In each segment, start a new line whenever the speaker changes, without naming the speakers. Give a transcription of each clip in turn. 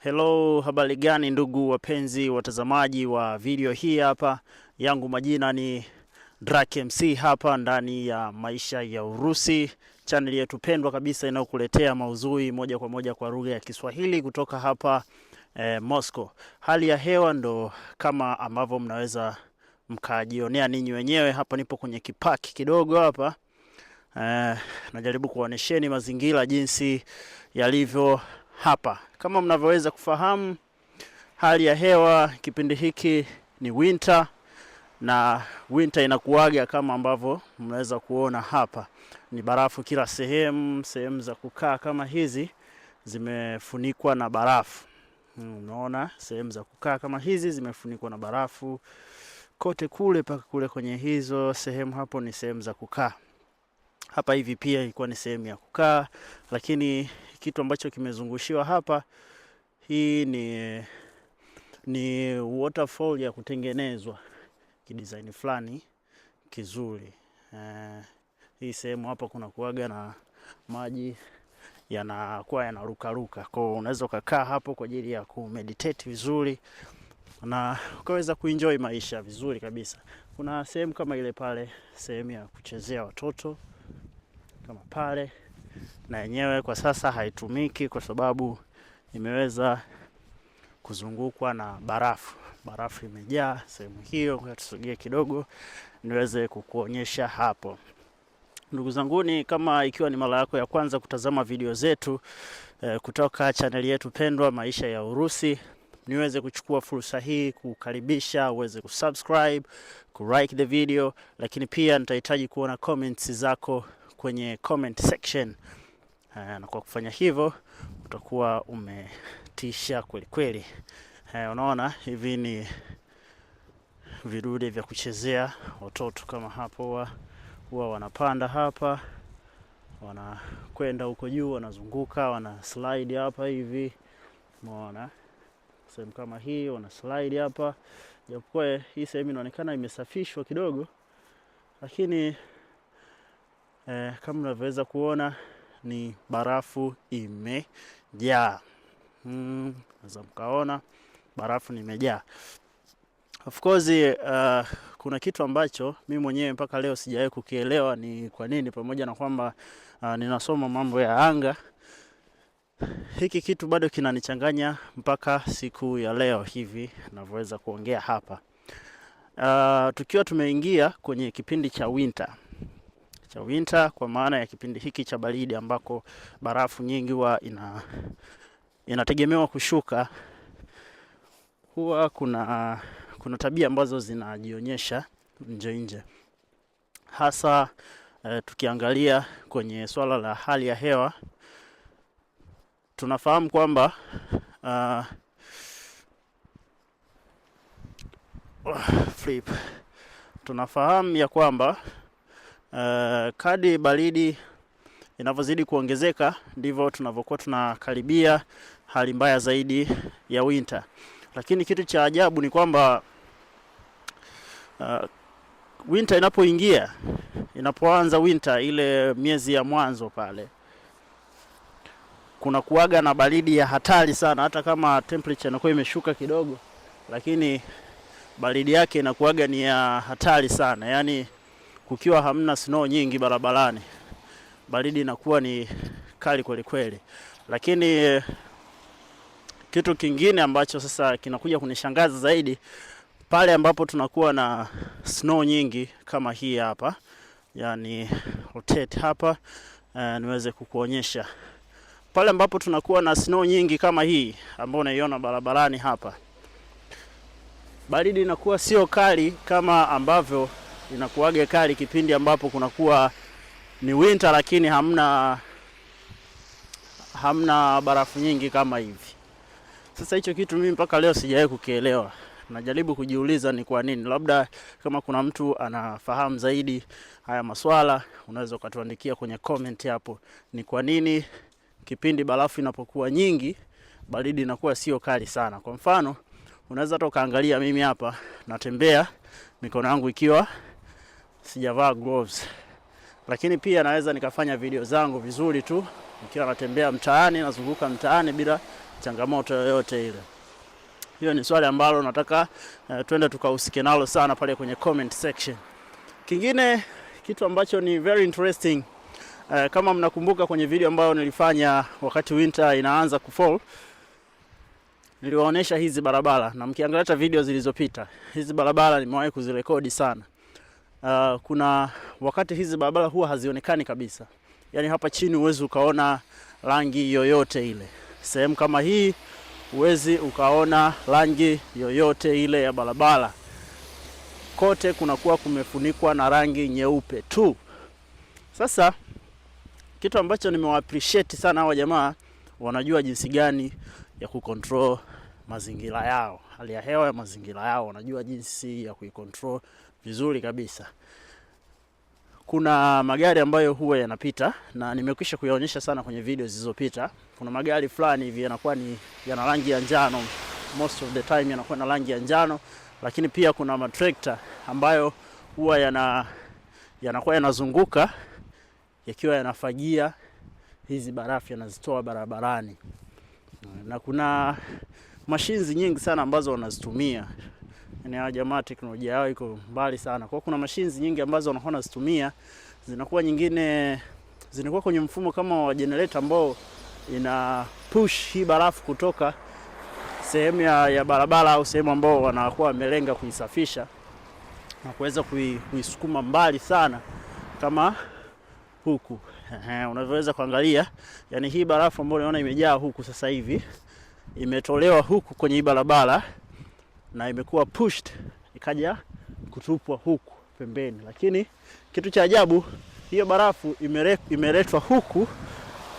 Hello, habari gani ndugu wapenzi watazamaji wa video hii hapa yangu, majina ni Drak MC hapa ndani ya Maisha ya Urusi, channel yetu pendwa kabisa inayokuletea mauzui moja kwa moja kwa lugha ya Kiswahili kutoka hapa eh, Moscow. Hali ya hewa ndo kama ambavyo mnaweza mkajionea ninyi wenyewe. Hapa nipo kwenye kipaki kidogo hapa eh, najaribu kuonesheni mazingira jinsi yalivyo hapa. Kama mnavyoweza kufahamu, hali ya hewa kipindi hiki ni winter na winter inakuaga kama ambavyo mnaweza kuona hapa, ni barafu kila sehemu. Sehemu za kukaa kama hizi zimefunikwa na barafu. Hmm, unaona, sehemu za kukaa kama hizi zimefunikwa na barafu kote kule, mpaka kule kwenye hizo sehemu hapo ni sehemu za kukaa. Hapa hivi pia ilikuwa ni sehemu ya kukaa, lakini kitu ambacho kimezungushiwa hapa, hii ni, ni waterfall ya kutengenezwa kidesign fulani kizuri. Eh, hii sehemu hapa kuna kuaga na maji yanakuwa yanarukaruka, kwa unaweza ukakaa hapo kwa ajili ya kumeditate vizuri na ukaweza kuenjoy maisha vizuri kabisa. Kuna sehemu kama ile pale, sehemu ya kuchezea watoto kama pale, na yenyewe kwa sasa haitumiki kwa sababu imeweza kuzungukwa na barafu. Barafu imejaa sehemu hiyo. Tusogee kidogo niweze kukuonyesha hapo. Ndugu zanguni, kama ikiwa ni mara yako ya kwanza kutazama video zetu eh, kutoka chaneli yetu pendwa Maisha ya Urusi, niweze kuchukua fursa hii kukaribisha uweze kusubscribe, kulike the video, lakini pia nitahitaji kuona comments zako kwenye comment section uh, na kwa kufanya hivyo utakuwa umetisha kweli kweli. Uh, unaona hivi ni vidude vya kuchezea watoto, kama hapo huwa wanapanda hapa, wanakwenda huko juu, wanazunguka, wana slide hapa hivi, unaona sehemu kama hii wana slide hapa, japokuwa hii sehemu inaonekana imesafishwa kidogo, lakini eh, kama unavyoweza kuona ni barafu imejaa. Hmm, naweza mkaona barafu nimejaa. Of course uh, kuna kitu ambacho mi mwenyewe mpaka leo sijawahi kukielewa ni kwa nini, pamoja na kwamba uh, ninasoma mambo ya anga, hiki kitu bado kinanichanganya mpaka siku ya leo hivi navyoweza kuongea hapa. Uh, tukiwa tumeingia kwenye kipindi cha winter cha winter, kwa maana ya kipindi hiki cha baridi ambako barafu nyingi huwa ina inategemewa kushuka, huwa kuna kuna tabia ambazo zinajionyesha nje nje, hasa e, tukiangalia kwenye swala la hali ya hewa tunafahamu kwamba uh, oh, flip tunafahamu ya kwamba Eh, kadi baridi inavyozidi kuongezeka ndivyo tunavyokuwa tunakaribia hali mbaya zaidi ya winter, lakini kitu cha ajabu ni kwamba uh, winter inapoingia, inapoanza winter ile miezi ya mwanzo pale, kuna kuaga na baridi ya hatari sana. Hata kama temperature inakuwa imeshuka kidogo, lakini baridi yake inakuwaga ni ya hatari sana yani kukiwa hamna snow nyingi barabarani, baridi inakuwa ni kali kweli kweli. Lakini kitu kingine ambacho sasa kinakuja kunishangaza zaidi pale ambapo tunakuwa na snow nyingi kama hii hapa, yani rotate hapa eh, niweze kukuonyesha pale ambapo tunakuwa na snow nyingi kama hii ambayo unaiona barabarani hapa, baridi inakuwa sio kali kama ambavyo inakuwaga kali kipindi ambapo kunakuwa ni winter, lakini hamna hamna barafu nyingi kama hivi. Sasa hicho kitu mimi mpaka leo sijawahi kukielewa, najaribu kujiuliza ni kwa nini. Labda kama kuna mtu anafahamu zaidi haya maswala, unaweza ukatuandikia kwenye comment hapo, ni kwa nini kipindi barafu inapokuwa nyingi baridi inakuwa sio kali sana. Kwa mfano, unaweza hata ukaangalia mimi hapa natembea mikono yangu ikiwa sijavaa gloves, lakini pia naweza nikafanya video zangu vizuri tu nikiwa natembea mtaani, nazunguka mtaani bila changamoto yoyote ile. Hiyo ni swali ambalo nataka uh, twende tukahusike nalo sana pale kwenye comment section. Kingine kitu ambacho ni very interesting uh, kama mnakumbuka kwenye video ambayo nilifanya wakati winter inaanza kufall niliwaonesha hizi barabara, na mkiangalia video zilizopita hizi barabara nimewahi kuzirekodi sana uh, kuna wakati hizi barabara huwa hazionekani kabisa, yaani hapa chini huwezi ukaona rangi yoyote ile. Sehemu kama hii huwezi ukaona rangi yoyote ile ya barabara, kote kunakuwa kumefunikwa na rangi nyeupe tu. Sasa kitu ambacho nimewaappreciate sana hawa jamaa, wanajua jinsi gani ya kucontrol mazingira yao, hali ya hewa ya mazingira yao, wanajua jinsi ya kuicontrol vizuri kabisa. Kuna magari ambayo huwa yanapita na nimekwisha kuyaonyesha sana kwenye video zilizopita. Kuna magari fulani hivi yanakuwa ni yana rangi ya njano, most of the time yanakuwa na rangi ya njano, lakini pia kuna matrekta ambayo huwa yana yanakuwa yanazunguka yakiwa yanafagia hizi barafu yanazitoa barabarani, na kuna mashinzi nyingi sana ambazo wanazitumia Yaani hawa jamaa teknolojia yao iko mbali sana. Kwa kuna mashines nyingi ambazo wanaona zitumia zinakuwa nyingine zinakuwa kwenye mfumo kama wa generator ambao ina push hii barafu kutoka sehemu ya, ya barabara au sehemu ambao wanakuwa wamelenga kuisafisha na kuweza kuisukuma mbali sana kama huku unavyoweza kuangalia, yani hii barafu ambayo unaona imejaa huku sasa hivi imetolewa huku kwenye hii barabara na imekuwa pushed ikaja kutupwa huku pembeni, lakini kitu cha ajabu hiyo barafu imeletwa huku,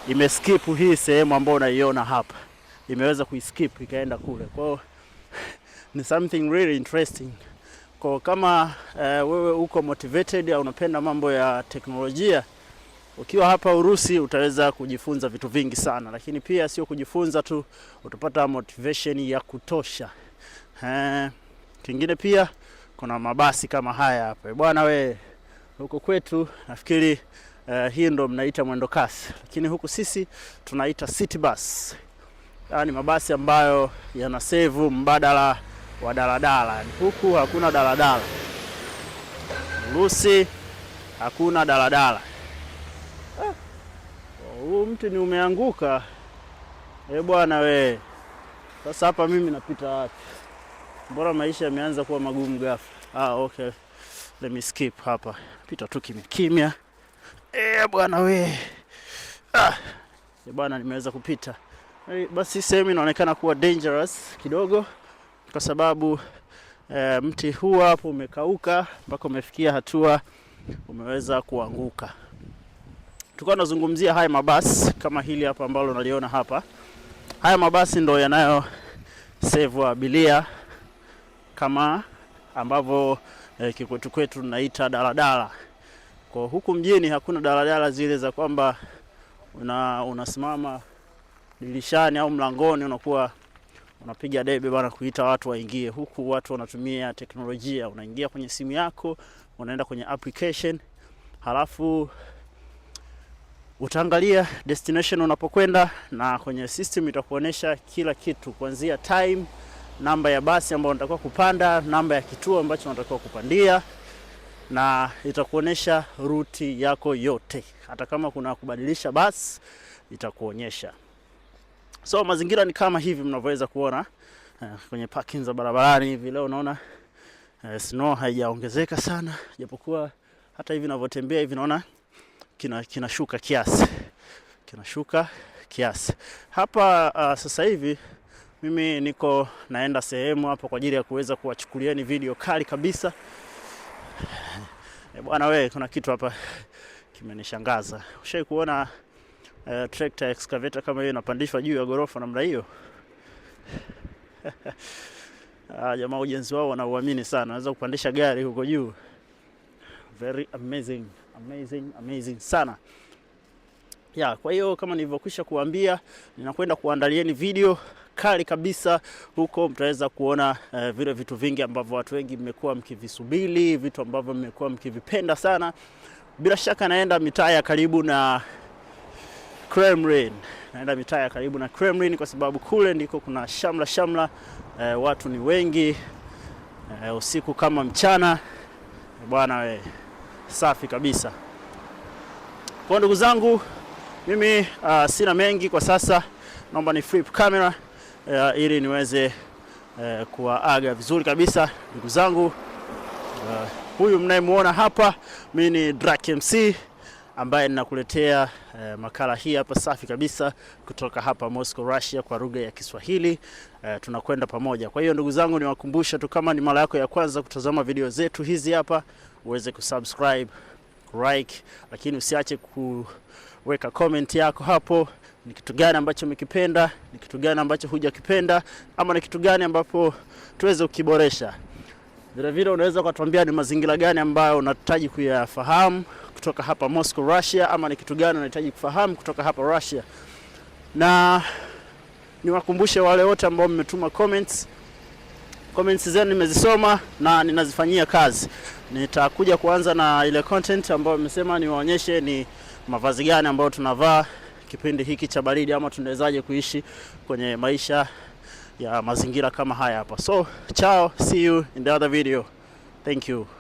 imeskip hii sehemu ambayo unaiona hapa, imeweza kuiskip ikaenda kule. Kwa hiyo ni something really interesting. Kwa kama uh, wewe uko motivated au unapenda mambo ya teknolojia, ukiwa hapa Urusi utaweza kujifunza vitu vingi sana, lakini pia sio kujifunza tu, utapata motivation ya kutosha. Eh, kingine pia kuna mabasi kama haya hapa eh, bwana we, huko kwetu nafikiri eh, hii ndo mnaita mwendo kasi, lakini huku sisi tunaita city bus. Haya ni mabasi ambayo yana save mbadala wa daladala. Huku hakuna daladala Lusi, hakuna daladala. Ah, huu ah, mti ni umeanguka. Eh bwana we, sasa hapa mimi napita wapi? Mbona maisha yameanza kuwa magumu ghafla? Ah, okay. Let me skip hapa, pita tu kimya kimya. Eh, bwana we. Ah, eh, bwana nimeweza kupita. Eh, basi sehemu inaonekana kuwa dangerous kidogo kwa sababu e, mti huu hapo umekauka mpaka umefikia hatua umeweza kuanguka. Tulikuwa tunazungumzia haya mabasi kama hili hapa ambalo unaliona hapa. Haya mabasi ndo yanayo save abiria kama ambavyo eh, kikwetu kwetu tunaita daladala. Kwa huku mjini hakuna daladala zile za kwamba una unasimama dirishani au mlangoni unakuwa unapiga debe bana kuita watu waingie. Huku watu wanatumia teknolojia, unaingia kwenye simu yako, unaenda kwenye application, halafu utaangalia destination unapokwenda, na kwenye system itakuonyesha kila kitu kuanzia time namba ya basi ambayo unatakiwa kupanda, namba ya kituo ambacho unatakiwa kupandia, na itakuonyesha ruti yako yote. Hata kama kuna kubadilisha basi itakuonyesha. So mazingira ni kama hivi mnavyoweza kuona eh, kwenye parking za barabarani hivi. Leo unaona eh, snow haijaongezeka sana, japokuwa hata hivi ninavyotembea hivi naona kina kinashuka kiasi, kinashuka kiasi hapa uh, sasa hivi mimi niko naenda sehemu hapo kwa ajili ya kuweza kuwachukulieni video kali kabisa. E bwana wewe, kuna kitu hapa kimenishangaza. Ushai kuona uh, eh, trekta excavator kama hiyo inapandishwa juu ya gorofa namna hiyo? Ah, jamaa ujenzi wao wanauamini sana, naweza kupandisha gari huko juu. Very amazing, amazing, amazing sana ya. Kwa hiyo kama nilivyokwisha kuambia, ninakwenda kuandalieni video kali kabisa. Huko mtaweza kuona uh, vile vitu vingi ambavyo watu wengi mmekuwa mkivisubiri, vitu ambavyo mmekuwa mkivipenda sana. Bila shaka naenda mitaa ya karibu na Kremlin. Naenda mitaa ya karibu na Kremlin kwa sababu kule ndiko kuna shamla shamla, eh, watu ni wengi eh, usiku kama mchana bwana we, safi kabisa. Kwa ndugu zangu, mimi uh, sina mengi kwa sasa, naomba ni flip camera uh, ili niweze uh, kuwaaga vizuri kabisa ndugu zangu. Uh, huyu mnayemwona hapa mi ni Drak MC ambaye ninakuletea uh, makala hii hapa safi kabisa kutoka hapa Moscow, Russia kwa lugha ya Kiswahili. Uh, tunakwenda pamoja. Kwa hiyo ndugu zangu, niwakumbusha tu kama ni mara yako ya kwanza kutazama video zetu hizi hapa, uweze kusubscribe, like, lakini usiache kuweka comment yako hapo ni kitu gani ambacho umekipenda, ni kitu gani ambacho hujakipenda, ama ni kitu gani ambapo tuweze kukiboresha. Vilevile unaweza ukatuambia ni mazingira gani ambayo unahitaji kuyafahamu kutoka hapa Moscow, Russia, ama ni kitu gani unahitaji kufahamu kutoka hapa Russia. Na niwakumbushe wale wote ambao mmetuma comments, comments zenu nimezisoma na ninazifanyia kazi. Nitakuja kuanza na ile content ambayo mmesema niwaonyeshe ni mavazi gani ambayo tunavaa kipindi hiki cha baridi, ama tunawezaje kuishi kwenye maisha ya mazingira kama haya hapa. So, chao see you in the other video. Thank you.